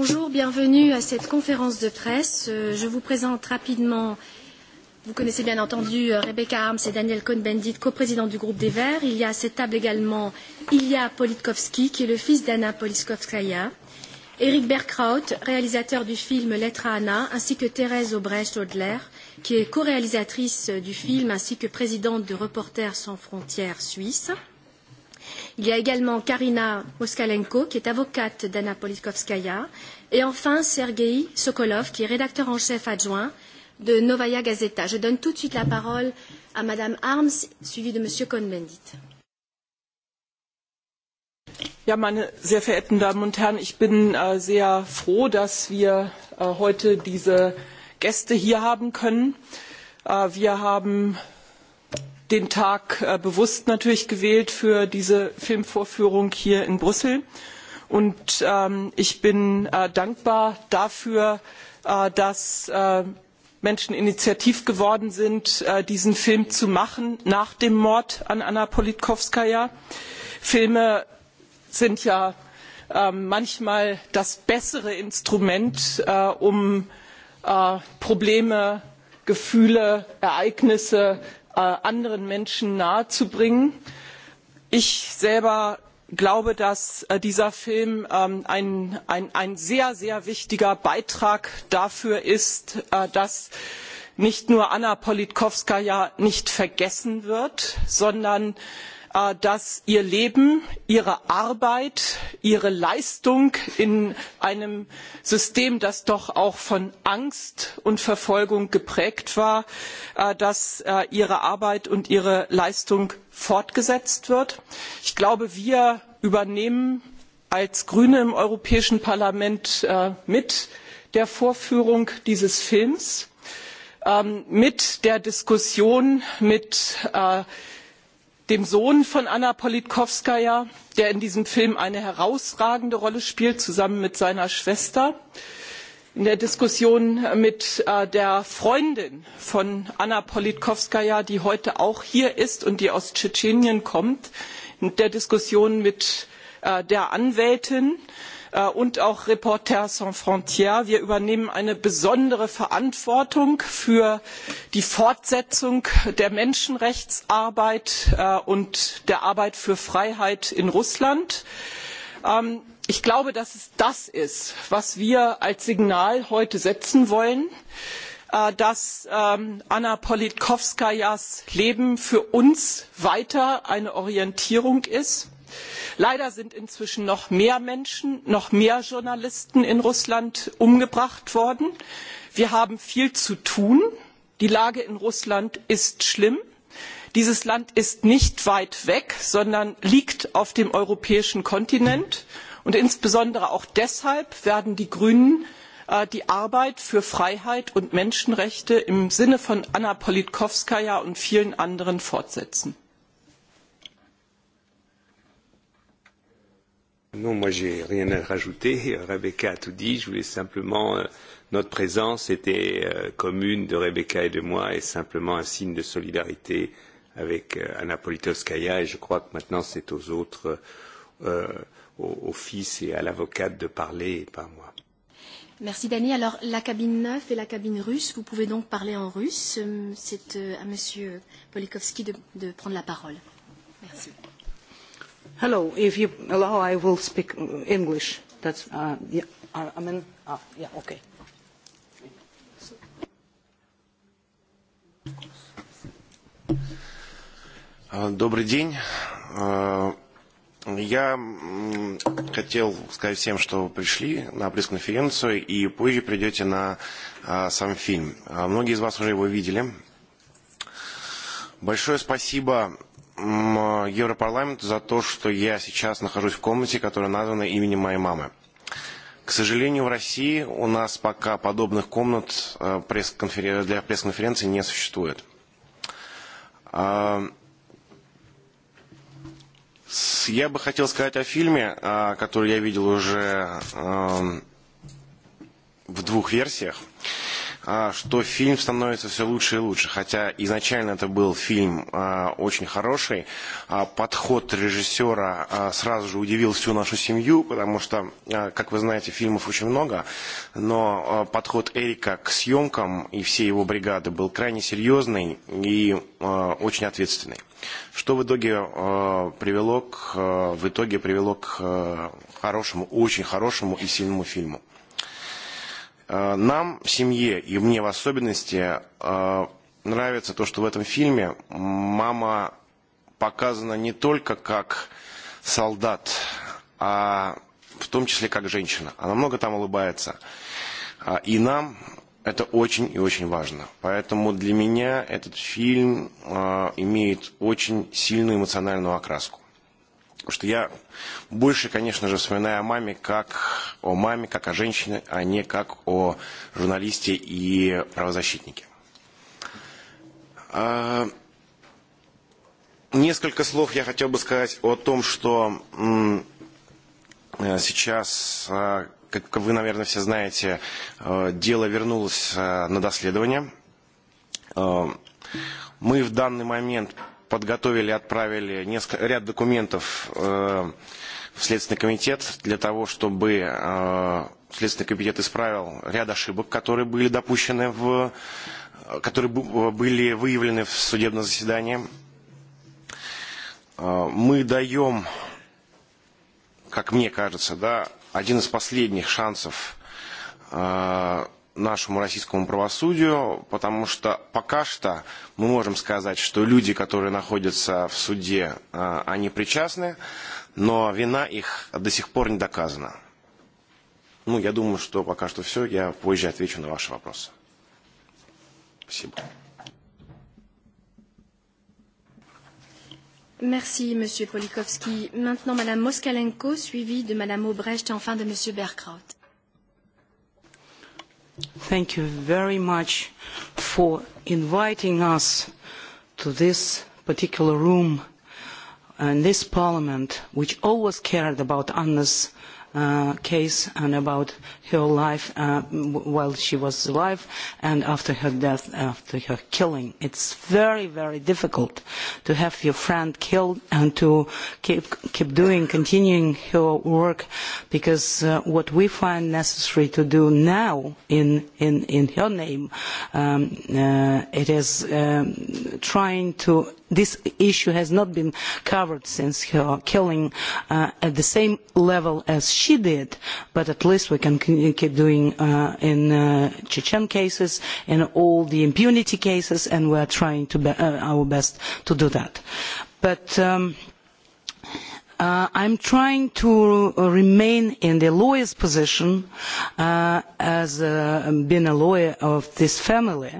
Bonjour, bienvenue à cette conférence de presse. Euh, je vous présente rapidement, vous connaissez bien entendu euh, Rebecca Harms et Daniel Cohn-Bendit, coprésident du groupe des Verts. Il y a à cette table également Ilya Politkovski, qui est le fils d'Anna Politkovskaya, Eric Berkraut, réalisateur du film Lettre à Anna, ainsi que Thérèse Aubrecht-Audler, qui est co-réalisatrice du film ainsi que présidente de Reporters sans frontières suisses. Il y a également Karina Moskalenko, qui est avocate d'Anna Politkovskaya, et enfin Sergei Sokolov, qui est rédacteur en chef adjoint de Novaya Gazeta. Je donne tout de suite la parole à Madame Harms, suivie de Monsieur Cohn-Bendit. Ja, meine sehr verehrten Damen und Herren, ich bin äh, sehr froh, dass wir äh, heute diese Gäste hier haben können. Äh, wir haben den Tag äh, bewusst natürlich gewählt für diese Filmvorführung hier in Brüssel. Und ähm, ich bin äh, dankbar dafür, äh, dass äh, Menschen initiativ geworden sind, äh, diesen Film zu machen nach dem Mord an Anna Politkovskaya. Filme sind ja äh, manchmal das bessere Instrument, äh, um äh, Probleme, Gefühle, Ereignisse Äh, anderen menschen nahezubringen. ich selber glaube dass äh, dieser film ähm, ein, sehr sehr wichtiger beitrag dafür ist äh, dass nicht nur anna politkowskaja nicht vergessen wird sondern Äh, dass ihr leben ihre arbeit ihre leistung in einem system das doch auch von angst und verfolgung geprägt war äh, äh, ihre arbeit und ihre leistung fortgesetzt wird. ich glaube wir übernehmen als grüne im europäischen parlament mit der vorführung dieses films ähm, mit der diskussion mit dem sohn von anna politkowskaja der in diesem film eine herausragende rolle spielt zusammen mit seiner schwester in der diskussion mit äh, der freundin von anna politkowskaja die heute auch hier ist und die aus tschetschenien kommt in der diskussion mit äh, der anwältin Äh, und auch reporters sans frontires wir übernehmen eine besondere verantwortung für die fortsetzung der menschenrechtsarbeit äh, und der arbeit für freiheit in russland. Ähm, ich glaube dass es das ist was wir als signal heute setzen wollen äh, dass ähm, anna politkowskajas leben für uns weiter eine orientierung ist leider sind inzwischen noch mehr menschen noch mehr journalisten in russland umgebracht worden. wir haben viel zu tun. die lage in russland ist schlimm. dieses land ist nicht weit weg sondern liegt auf dem europäischen kontinent und insbesondere auch deshalb werden die grünen äh, die arbeit für freiheit und menschenrechte im sinne von anna politkowskaja und vielen anderen fortsetzen. Non, moi j'ai rien à rajouter. Euh, Rebecca a tout dit. Je voulais simplement euh, notre présence était euh, commune de Rebecca et de moi et simplement un signe de solidarité avec Anna Politowskaya et je crois que maintenant c'est aux autres, euh, au, au fils et à l'avocate de parler et pas moi. Merci Dani. Alors la cabine 9 et la cabine russe, vous pouvez donc parler en russe. C'est à Monsieur Polikovski de, de prendre la parole. Merci. Merci. Hello, if you allow, I will speak English. That's, uh, yeah, I mean, ah, yeah, okay. Добрый день. Я хотел сказать всем, что вы пришли на пресс-конференцию и позже придете на сам фильм. Многие из вас уже его видели. Большое спасибо Европарламенту за то, что я сейчас нахожусь в комнате, которая названа именем моей мамы. К сожалению, в России у нас пока подобных комнат для пресс конференции не существует. Я бы хотел сказать о фильме, который я видел уже в двух версиях что фильм становится все лучше и лучше. Хотя изначально это был фильм очень хороший. Подход режиссера сразу же удивил всю нашу семью, потому что, как вы знаете, фильмов очень много. Но подход Эрика к съемкам и всей его бригады был крайне серьезный и очень ответственный. Что в итоге э, привело к, э, в итоге привело к э, хорошему, очень хорошему и сильному фильму. Нам в семье, и мне в особенности, нравится то, что в этом фильме мама показана не только как солдат, а в том числе как женщина. Она много там улыбается. И нам это очень и очень важно. Поэтому для меня этот фильм имеет очень сильную эмоциональную окраску. Потому что я больше, конечно же, вспоминаю о маме как о маме, как о женщине, а не как о журналисте и правозащитнике. Несколько слов я хотел бы сказать о том, что сейчас, как вы, наверное, все знаете, дело вернулось на доследование. Мы в данный момент подготовили, отправили несколько, ряд документов э, в Следственный комитет для того, чтобы э, Следственный комитет исправил ряд ошибок, которые были допущены в которые были выявлены в судебном заседании. мы даем, как мне кажется, да, один из последних шансов нашему российскому правосудию, потому что пока что мы можем сказать, что люди, которые находятся в суде, они причастны, но вина их до сих пор не доказана. Ну, я думаю, что пока что все. Я позже отвечу на ваши вопросы. Спасибо. Merci, Monsieur Polikowski. Maintenant, Madame Moskalenko, suivie de Madame Obrecht et enfin de Monsieur Berkraut. Thank you very much for inviting us to this particular room and this parliament, which always cared about Anna's uh, case and about her life uh, while she was alive and after her death, after her killing. It's very, very difficult to have your friend killed and to keep, keep doing, continuing her work because uh, what we find necessary to do now in, in, in her name, um, uh, it is um, trying to this issue has not been covered since her killing uh, at the same level as she did, but at least we can keep doing uh, in uh, Chechen cases, in all the impunity cases, and we are trying to be, uh, our best to do that. But um, i uh, I'm trying to remain in the lawyer's position uh, as uh, being a lawyer of this family.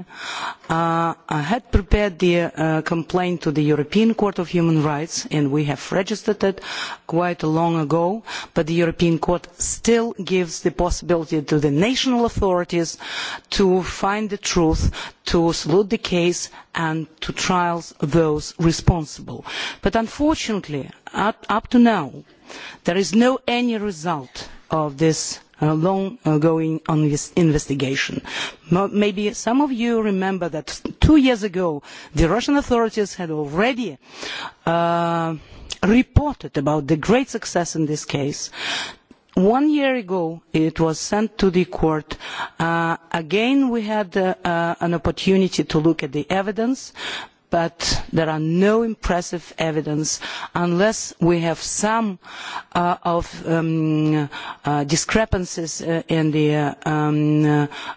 I had prepared the complaint to the European Court of Human Rights and we have registered it quite long ago, but the European Court still gives the possibility to the national authorities to find the truth, to salute the case and to trial those responsible. But unfortunately, up, up to now, there is no any result of this uh, long-going uh, investigation. maybe some of you remember that two years ago, the Russian authorities had already uh, reported about the great success in this case one year ago it was sent to the court. Uh, again we had uh, an opportunity to look at the evidence but there are no impressive evidence unless we have some uh, of um, uh, discrepancies uh, in the um,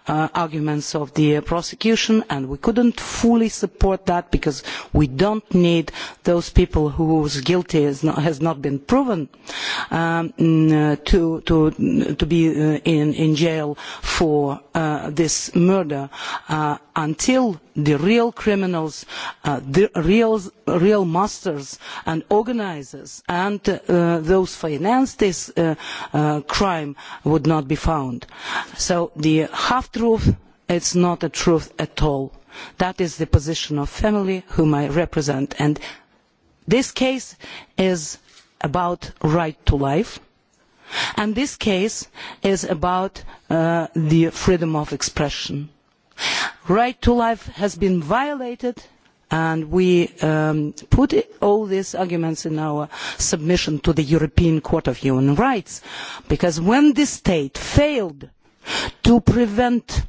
uh, arguments of the uh, prosecution and we couldn't fully support that because we don't need those people whose guilty not, has not been proven um, to, to, to be uh, in, in jail for this murder until the real criminals Uh, the real, masters and organisers and uh, those financed this uh, uh, crime would not be found. So the half-truth, is not a truth at all. That is the position of family whom I represent. And this case is about right to life. And this case is about uh, the freedom of expression. Right to life has been violated and we um, put all these arguments in our submission to the European Court of Human Rights because when the state failed to prevent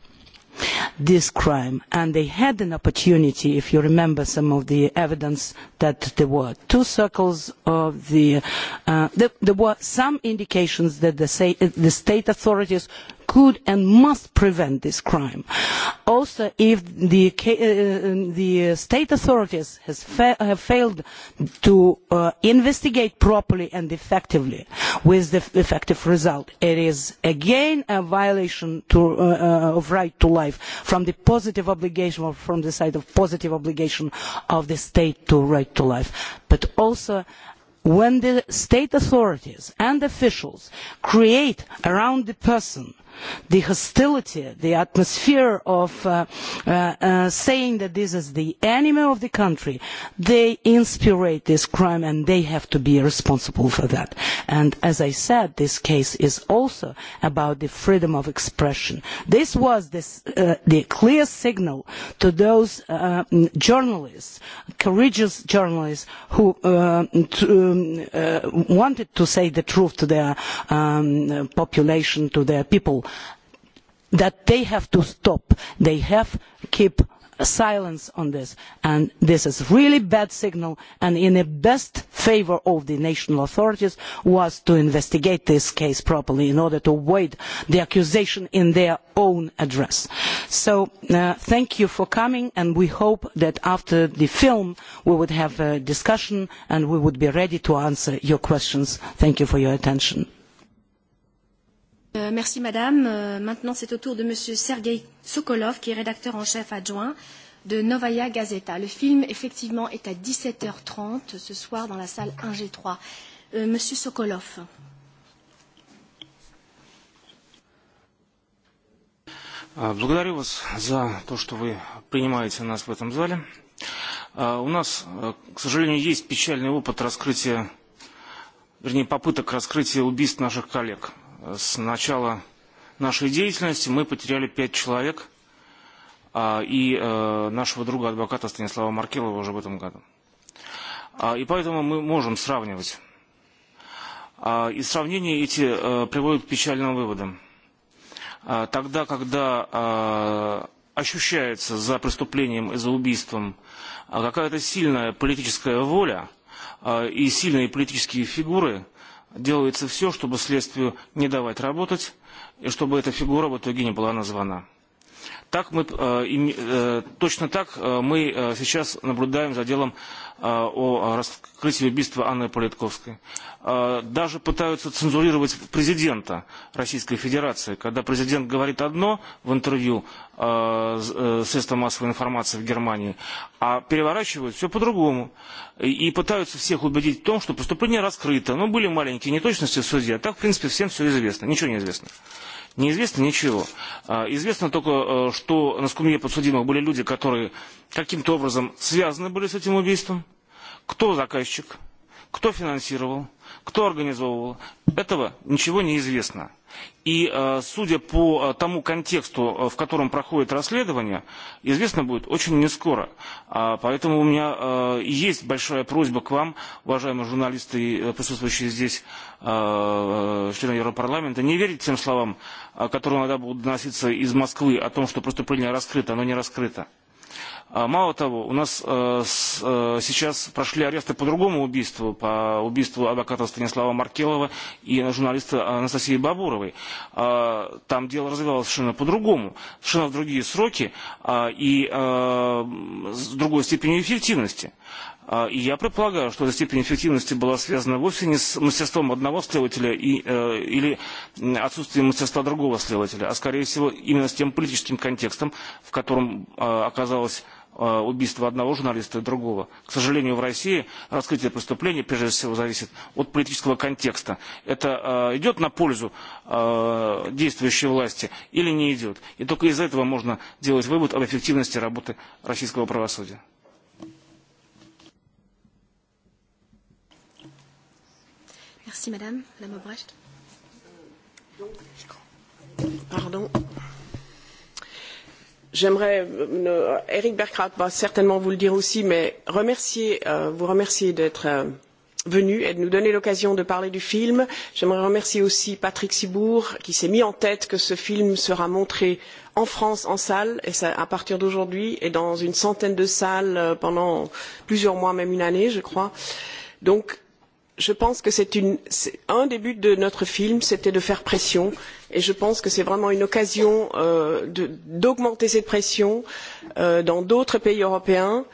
this crime and they had an opportunity if you remember some of the evidence that there were two circles of the uh, there, there were some indications that the, say, the state authorities could and must prevent this crime. Also, if the, uh, uh, the state authorities fa have failed to uh, investigate properly and effectively with the effective result, it is again a violation to, uh, uh, of right to life from the positive obligation or from the side of positive obligation of the state to right to life. But also, when the state authorities and officials create around the person the hostility, the atmosphere of uh, uh, uh, saying that this is the enemy of the country, they inspire this crime and they have to be responsible for that. And as I said, this case is also about the freedom of expression. This was this, uh, the clear signal to those uh, journalists, courageous journalists who um, to, um, uh, wanted to say the truth to their um, population, to their people, that they have to stop. They have keep silence on this. And this is really bad signal. And in the best favor of the national authorities was to investigate this case properly in order to avoid the accusation in their own address. So uh, thank you for coming. And we hope that after the film, we would have a discussion and we would be ready to answer your questions. Thank you for your attention. Euh, merci madame. Euh, maintenant c'est au tour de monsieur Sergei Sokolov qui est rédacteur en chef adjoint de Novaya Gazeta. Le film effectivement est à 17h30 ce soir dans la salle 1G3. Euh, monsieur Sokolov. Э, благодарю вас за то, что вы принимаете нас в этом зале. Э, у нас, э, к сожалению, есть печальный опыт раскрытия, вернее, попыток раскрытия убийств наших коллег – с начала нашей деятельности мы потеряли пять человек, и нашего друга адвоката Станислава Маркелова уже в этом году. И поэтому мы можем сравнивать. И сравнения эти приводят к печальным выводам. Тогда, когда ощущается за преступлением и за убийством какая-то сильная политическая воля и сильные политические фигуры, делается все, чтобы следствию не давать работать, и чтобы эта фигура в итоге не была названа. Так мы, э, э, точно так мы сейчас наблюдаем за делом э, о раскрытии убийства Анны Политковской. Э, Даже пытаются цензурировать президента Российской Федерации, когда президент говорит одно в интервью э, средства массовой информации в Германии, а переворачивают все по-другому. И пытаются всех убедить в том, что преступление раскрыто. Но были маленькие неточности в суде, а так, в принципе, всем все известно. Ничего не известно неизвестно ничего. Известно только, что на скамье подсудимых были люди, которые каким-то образом связаны были с этим убийством. Кто заказчик, кто финансировал, кто организовывал, этого ничего не известно. И судя по тому контексту, в котором проходит расследование, известно будет очень не скоро Поэтому у меня есть большая просьба к вам, уважаемые журналисты, присутствующие здесь, члены Европарламента, не верить тем словам, которые иногда будут доноситься из Москвы о том, что преступление раскрыто, оно не раскрыто. Мало того, у нас сейчас прошли аресты по другому убийству, по убийству адвоката Станислава Маркелова и журналиста Анастасии Бабуровой. Там дело развивалось совершенно по-другому, совершенно в другие сроки и с другой степенью эффективности. И я предполагаю, что эта степень эффективности была связана вовсе не с мастерством одного следователя и, э, или отсутствием мастерства другого следователя, а скорее всего именно с тем политическим контекстом, в котором э, оказалась убийство одного журналиста и другого. К сожалению, в России раскрытие преступлений, прежде всего, зависит от политического контекста. Это идет на пользу действующей власти или не идет? И только из этого можно делать вывод об эффективности работы российского правосудия. Merci, madame. Madame Obrecht. Pardon j'aimerais euh, Eric Berkrat va certainement vous le dire aussi, mais remercier, euh, vous remercier d'être euh, venu et de nous donner l'occasion de parler du film. J'aimerais remercier aussi Patrick Sibourg qui s'est mis en tête que ce film sera montré en France en salle et ça, à partir d'aujourd'hui et dans une centaine de salles euh, pendant plusieurs mois, même une année, je crois. Donc je pense que c'est un des buts de notre film c'était de faire pression et je pense que c'est vraiment une occasion euh, d'augmenter cette pression euh, dans d'autres pays européens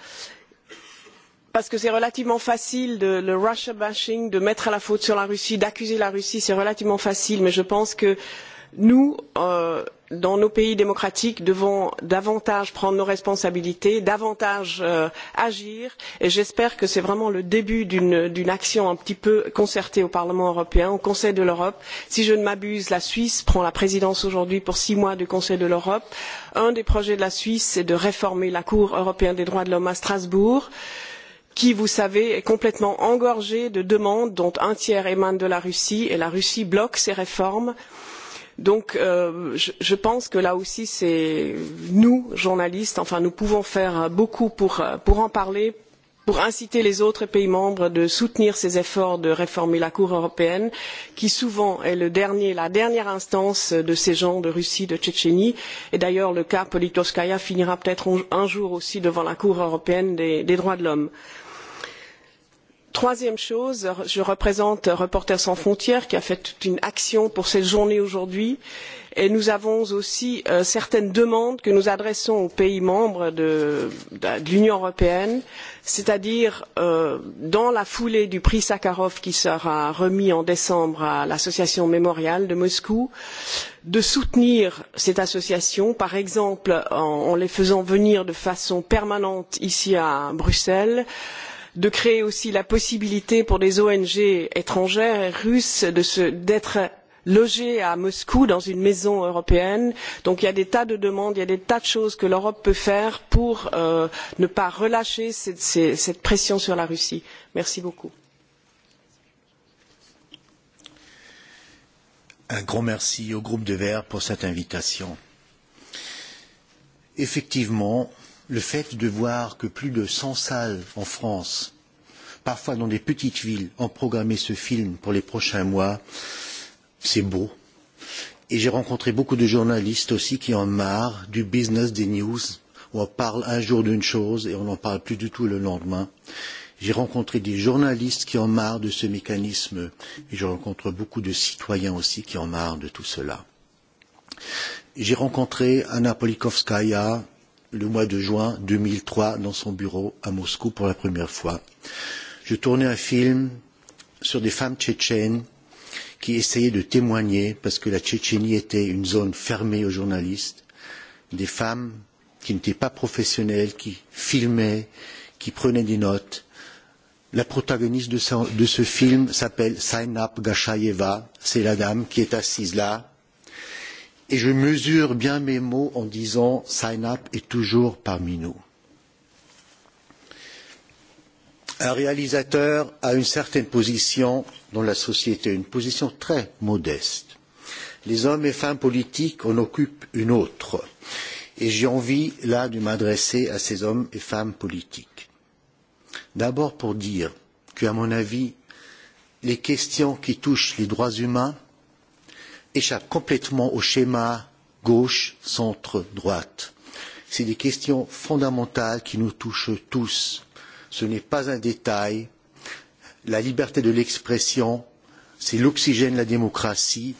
parce que c'est relativement facile de, le Russia bashing de mettre la faute sur la Russie d'accuser la Russie c'est relativement facile mais je pense que euh, nous euh, dans nos pays démocratiques devons davantage prendre nos responsabilités davantage euh, agir et j'espère que c'est vraiment le début d'une action un petit peu concertée au parlement européen au conseil de l'europe. si je ne m'abuse la suisse prend la présidence aujourd'hui pour six mois du conseil de l'europe. un des projets de la suisse est de réformer la cour européenne des droits de l'homme à strasbourg qui vous le savez est complètement engorgée de demandes dont un tiers émane de la russie et la russie bloque ces réformes. il donc euh, je, je pense que là aussi c'est nous journalistes enfin nous pouvons faire beaucoup pour, euh, pour en parler pour inciter les autres pays membres à soutenir ces efforts de réformer la cour européenne qui souvent est le dernier, la dernière instance de ces gens de russie de tchétchénie et d'ailleurs le cas politkovskaya finira peut être un jour aussi devant la cour européenne des, des droits de l'homme. il Troisième chose, je représente Reporters sans frontières qui a fait toute une action pour cette journée aujourd'hui et nous avons aussi euh, certaines demandes que nous adressons aux pays membres de, de, de l'Union européenne, c'est-à-dire euh, dans la foulée du prix Sakharov qui sera remis en décembre à l'association mémoriale de Moscou, de soutenir cette association, par exemple en, en les faisant venir de façon permanente ici à Bruxelles, euh, de créer aussi la possibilité pour des ong étrangères et russes d'être logées à moscou dans une maison européenne. donc il y a des tas de demandes il y a des tas de choses que l'europe peut faire pour euh, ne pas relâcher cette, cette pression sur la russie. merci beaucoup. un grand merci au groupe des verts pour cette invitation. effectivement le fait de voir que plus de 100 salles en France, parfois dans des petites villes, ont programmé ce film pour les prochains mois, c'est beau. Et j'ai rencontré beaucoup de journalistes aussi qui en marre du business des news, où on parle un jour d'une chose et on n'en parle plus du tout le lendemain. J'ai rencontré des journalistes qui en marrent de ce mécanisme et je rencontre beaucoup de citoyens aussi qui en marrent de tout cela. J'ai rencontré Anna Polikovskaya, le mois de juin 2003 dans son bureau à Moscou pour la première fois. Je tournais un film sur des femmes tchétchènes qui essayaient de témoigner parce que la Tchétchénie était une zone fermée aux journalistes, des femmes qui n'étaient pas professionnelles, qui filmaient, qui prenaient des notes. La protagoniste de ce, de ce film s'appelle Sainap Gashayeva, c'est la dame qui est assise là, et je mesure bien mes mots en disant Synap est toujours parmi nous. Un réalisateur a une certaine position dans la société, une position très modeste. Les hommes et femmes politiques en occupent une autre. Et j'ai envie là de m'adresser à ces hommes et femmes politiques. D'abord pour dire qu'à mon avis, les questions qui touchent les droits humains échappe complètement au schéma gauche, centre, droite. C'est des questions fondamentales qui nous touchent tous. Ce n'est pas un détail. La liberté de l'expression, c'est l'oxygène de la démocratie.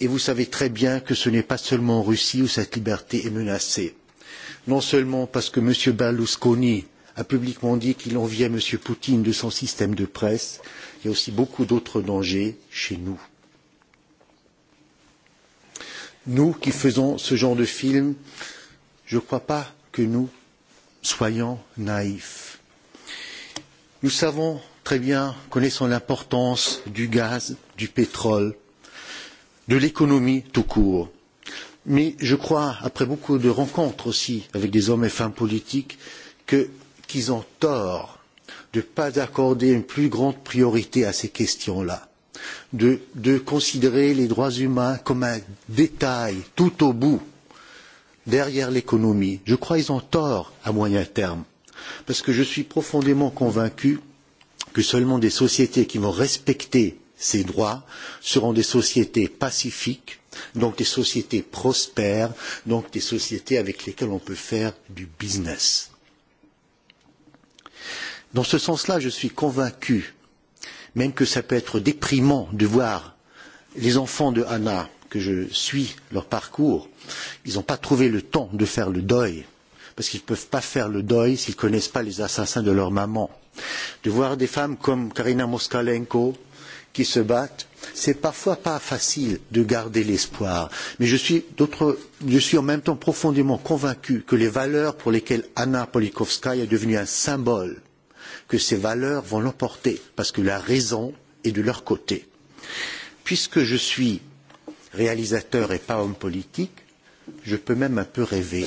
Et vous savez très bien que ce n'est pas seulement en Russie où cette liberté est menacée. Non seulement parce que M. Berlusconi a publiquement dit qu'il enviait M. Poutine de son système de presse, il y a aussi beaucoup d'autres dangers chez nous nous qui faisons ce genre de film, je ne crois pas que nous soyons naïfs. Nous savons très bien, connaissons l'importance du gaz, du pétrole, de l'économie tout court. Mais je crois, après beaucoup de rencontres aussi avec des hommes et femmes politiques, qu'ils qu ont tort de ne pas accorder une plus grande priorité à ces questions-là de, de considérer les droits humains comme un détail tout au bout derrière l'économie. Je crois qu'ils ont tort à moyen terme, parce que je suis profondément convaincu que seulement des sociétés qui vont respecter ces droits seront des sociétés pacifiques, donc des sociétés prospères, donc des sociétés avec lesquelles on peut faire du business. Dans ce sens-là, je suis convaincu même que ça peut être déprimant de voir les enfants de Hannah, que je suis leur parcours, ils n'ont pas trouvé le temps de faire le deuil, parce qu'ils ne peuvent pas faire le deuil s'ils ne connaissent pas les assassins de leur maman. De voir des femmes comme Karina Moskalenko qui se battent, c'est parfois pas facile de garder l'espoir. Mais je suis, je suis en même temps profondément convaincu que les valeurs pour lesquelles Anna Politkovskaya est devenue un symbole, que ces valeurs vont l'emporter, parce que la raison est de leur côté. Puisque je suis réalisateur et pas homme politique, je peux même un peu rêver.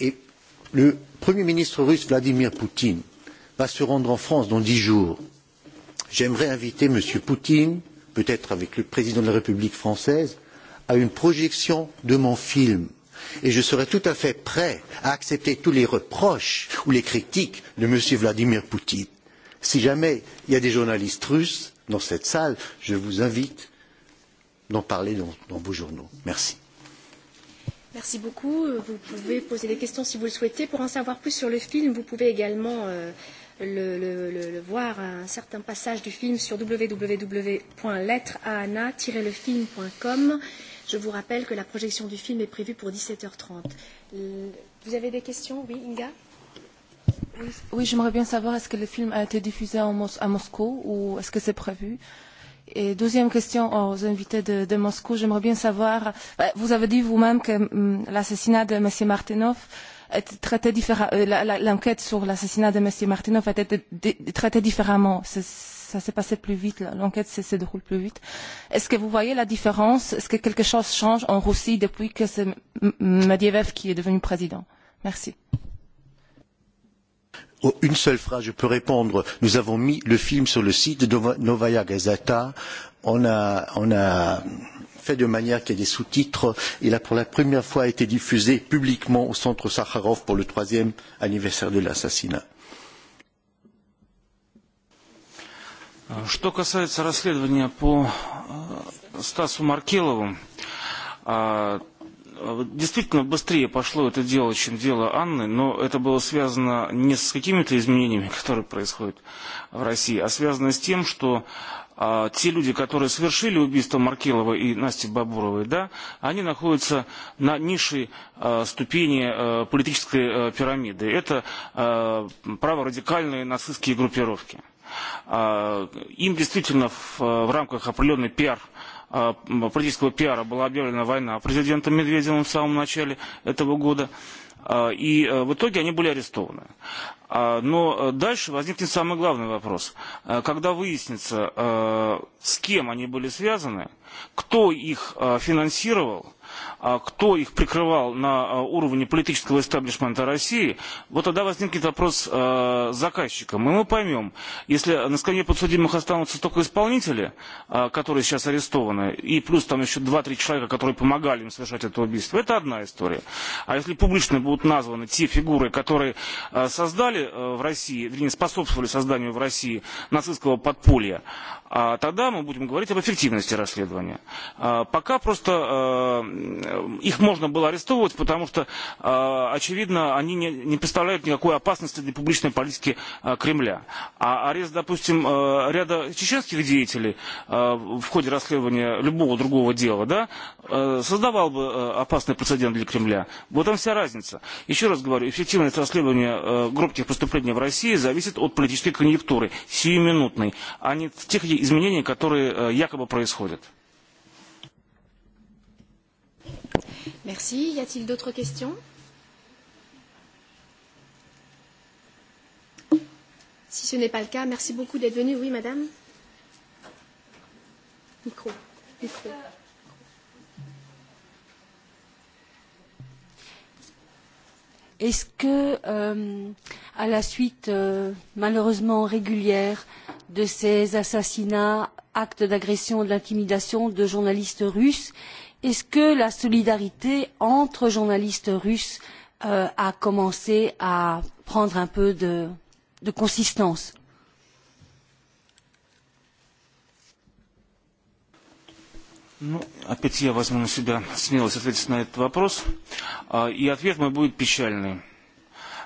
Et le Premier ministre russe Vladimir Poutine va se rendre en France dans dix jours. J'aimerais inviter M. Poutine, peut-être avec le président de la République française, à une projection de mon film et je serai tout à fait prêt à accepter tous les reproches ou les critiques de M. Vladimir Poutine. Si jamais il y a des journalistes russes dans cette salle, je vous invite d'en parler dans, dans vos journaux. Merci. Merci beaucoup. Euh, vous pouvez poser des questions si vous le souhaitez. Pour en savoir plus sur le film, vous pouvez également euh, le, le, le, le voir un certain passage du film sur www.lettreana-lefilm.com. Je vous rappelle que la projection du film est prévue pour 17h30. Vous avez des questions Oui, Inga oui, oui, j'aimerais bien savoir est-ce que le film a été diffusé en Mos à Moscou ou est-ce que c'est prévu Et deuxième question aux invités de, de Moscou, j'aimerais bien savoir, euh, vous avez dit vous-même que mm, l'assassinat de M. Martinov était traité différemment, euh, l'enquête sur l'assassinat de M. Martinov était traitée différemment ça s'est passé plus vite, l'enquête se, se déroule plus vite. Est-ce que vous voyez la différence Est-ce que quelque chose change en Russie depuis que c'est Medvedev qui est devenu président Merci. Oh, une seule phrase, je peux répondre. Nous avons mis le film sur le site de Novaya Gazeta. On a, on a fait de manière qu'il y ait des sous-titres. Il a pour la première fois été diffusé publiquement au centre Sakharov pour le troisième anniversaire de l'assassinat. Что касается расследования по Стасу Маркелову, действительно быстрее пошло это дело, чем дело Анны, но это было связано не с какими-то изменениями, которые происходят в России, а связано с тем, что а, те люди, которые совершили убийство Маркелова и Насти Бабуровой, да, они находятся на низшей ступени политической пирамиды. Это праворадикальные нацистские группировки. Им действительно в, в рамках определенной пиар политического пиара была объявлена война президентом Медведевым в самом начале этого года. И в итоге они были арестованы. Но дальше возникнет самый главный вопрос. Когда выяснится, с кем они были связаны, кто их финансировал, кто их прикрывал на уровне политического истеблишмента России, вот тогда возникнет вопрос заказчикам. И мы поймем, если на скамье подсудимых останутся только исполнители, которые сейчас арестованы, и плюс там еще 2-3 человека, которые помогали им совершать это убийство, это одна история. А если публично будут названы те фигуры, которые создали в России, вернее, способствовали созданию в России нацистского подполья, тогда мы будем говорить об эффективности расследования. Пока просто их можно было арестовывать, потому что, очевидно, они не, представляют никакой опасности для публичной политики Кремля. А арест, допустим, ряда чеченских деятелей в ходе расследования любого другого дела, да, создавал бы опасный прецедент для Кремля. Вот там вся разница. Еще раз говорю, эффективность расследования громких преступлений в России зависит от политической конъюнктуры, сиюминутной, а не тех изменений, которые якобы происходят. Merci. Y a-t-il d'autres questions Si ce n'est pas le cas, merci beaucoup d'être venu. Oui, madame Micro. Micro. Est-ce que, euh, à la suite euh, malheureusement régulière de ces assassinats, actes d'agression, d'intimidation de journalistes russes, est ce que la solidarité entre journalistes russes euh, a commencé à prendre un peu de, de consistance Ну, опять я возьму на себя смелость ответить на этот вопрос. И ответ мой будет печальный.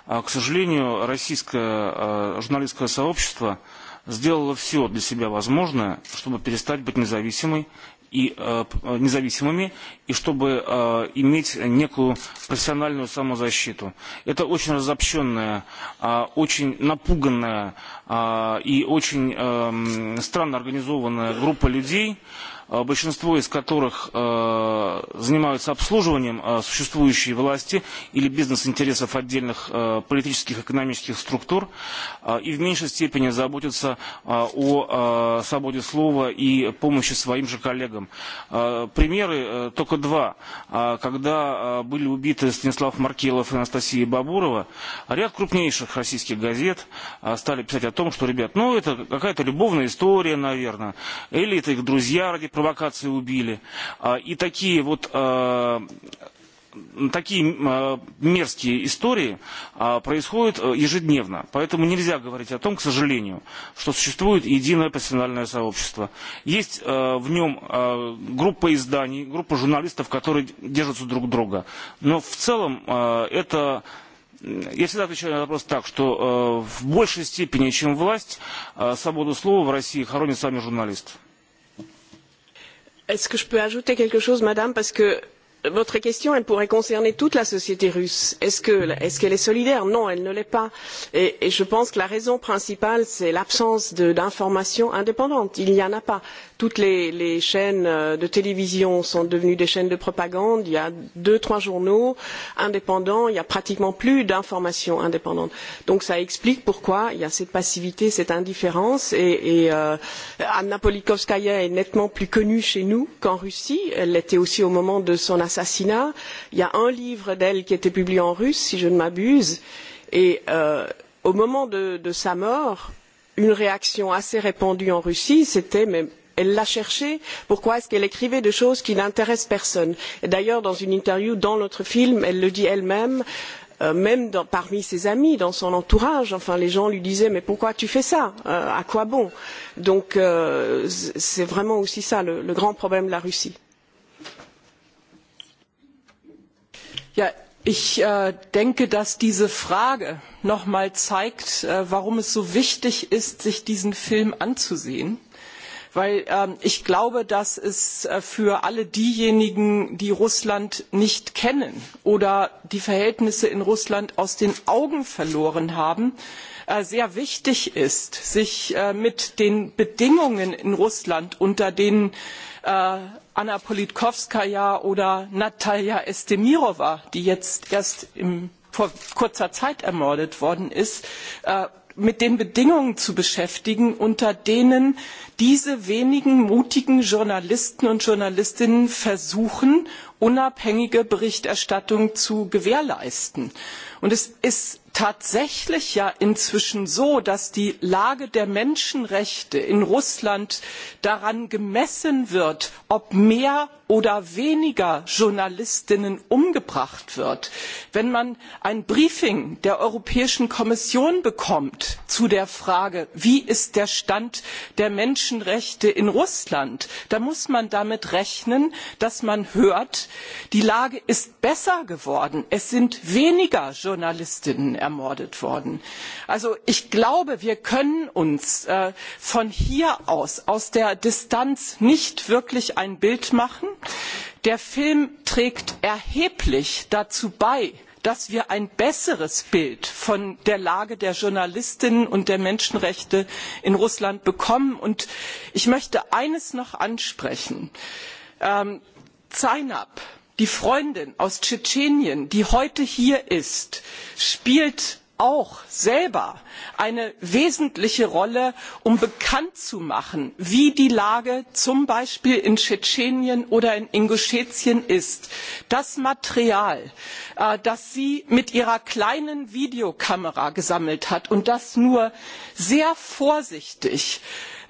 К сожалению, российское журналистское сообщество сделало все для себя возможное, чтобы перестать быть независимой и э, независимыми, и чтобы э, иметь некую профессиональную самозащиту. Это очень разобщенная, э, очень напуганная э, и очень э, странно организованная группа людей, большинство из которых занимаются обслуживанием существующей власти или бизнес-интересов отдельных политических и экономических структур, и в меньшей степени заботятся о свободе слова и помощи своим же коллегам. Примеры только два. Когда были убиты Станислав Маркелов и Анастасия Бабурова, ряд крупнейших российских газет стали писать о том, что, ребят, ну это какая-то любовная история, наверное, или это их друзья ради провокации убили. И такие вот такие мерзкие истории происходят ежедневно. Поэтому нельзя говорить о том, к сожалению, что существует единое профессиональное сообщество. Есть в нем группа изданий, группа журналистов, которые держатся друг друга. Но в целом это я всегда отвечаю на вопрос так, что в большей степени, чем власть, свободу слова в России хоронят сами журналисты. Est-ce que je peux ajouter quelque chose, madame, parce que votre question elle pourrait concerner toute la société russe. est ce qu'elle est, qu est solidaire? non elle ne l'est pas et, et je pense que la raison principale c'est l'absence d'informations indépendantes. il n'y en a pas. toutes les, les chaînes euh, de télévision sont devenues des chaînes de propagande il y a deux trois journaux indépendants il n'y a pratiquement plus d'informations indépendantes. donc ça explique pourquoi il y a cette passivité cette indifférence et, et euh, anna politkovskaya est nettement plus connue chez nous qu'en russie elle l'était aussi au moment de son assassinat. Il y a un livre d'elle qui a été publié en russe, si je ne m'abuse, et euh, au moment de, de sa mort, une réaction assez répandue en Russie, c'était mais elle l'a cherché pourquoi est ce qu'elle écrivait des choses qui n'intéressent personne? d'ailleurs dans une interview dans notre film elle le dit elle même euh, même dans, parmi ses amis dans son entourage enfin les gens lui disaient mais pourquoi tu fais ça euh, à quoi bon? donc euh, c'est vraiment aussi ça le, le grand problème de la russie. ich äh, denke dass diese frage noch einmal zeigt äh, warum es so wichtig ist sich diesen film anzusehen weil ähm, ich glaube dass es äh, für alle diejenigen die russland nicht kennen oder die verhältnisse in russland aus den augen verloren haben sehr wichtig ist sich mit den bedingungen in russland unter denen anna politkovskaja oder natalja Estemirova, die jetzt erst vor kurzer Zeit ermordet worden ist, äh, mit den Bedingungen zu beschäftigen, unter denen diese wenigen mutigen Journalisten und Journalistinnen versuchen, unabhängige Berichterstattung zu gewährleisten. Und es ist tatsächlich ja inzwischen so, dass die Lage der Menschenrechte in Russland daran gemessen wird, ob mehr oder weniger Journalistinnen umgebracht wird. Wenn man ein Briefing der Europäischen Kommission bekommt zu der Frage, wie ist der Stand der Menschenrechte in Russland, dann muss man damit rechnen, dass man hört, die lage ist besser geworden es sind weniger journalistinnen ermordet worden. also ich glaube wir können uns äh, von hier aus aus der distanz nicht wirklich ein bild machen. der film trägt erheblich dazu bei dass wir ein besseres bild von der lage der journalistinnen und der menschenrechte in russland bekommen. Und ich möchte eines noch ansprechen ähm, zainab die freundin aus tschetschenien die heute hier ist spielt auch selber eine wesentliche rolle um bekannt zu machen wie die lage zum beispiel in tschetschenien oder in inguschetien ist. das material äh, das sie mit ihrer kleinen videokamera gesammelt hat und das nur sehr vorsichtig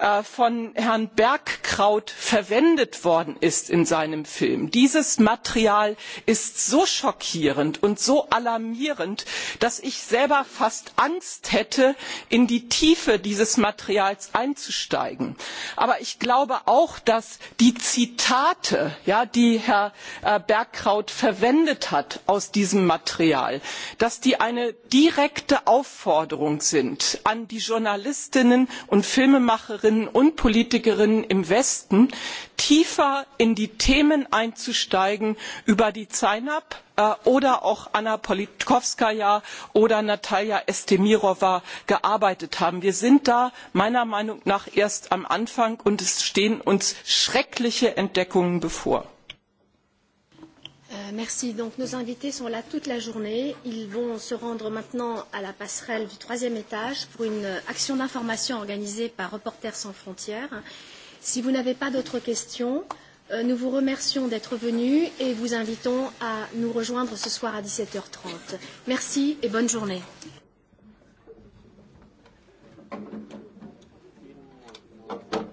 Äh, von herrn bergkraut verwendet worden ist in seinem film dieses material ist so schockierend und so alarmierend dass ich selber fast angst hätte in die tiefe dieses materials einzusteigen. aber ich glaube auch dass die zitate die herr äh, bergkraut verwendet hat aus diesem material eine direkte aufforderung sind an die journalistinnen und filmemacher politikerinnen und politikerinnen im westen tiefer in die themen einzusteigen über die zajnab äh, oder auch anna politkowskaja oder natalja estemirowa gearbeitet haben. wir sind da meiner meinung nach erst am anfang und es stehen uns schreckliche entdeckungen bevor. Euh, merci. Donc nos invités sont là toute la journée. Ils vont se rendre maintenant à la passerelle du troisième étage pour une action d'information organisée par Reporters sans frontières. Si vous n'avez pas d'autres questions, euh, nous vous remercions d'être venus et vous invitons à nous rejoindre ce soir à 17h30. Merci et bonne journée. Thank you.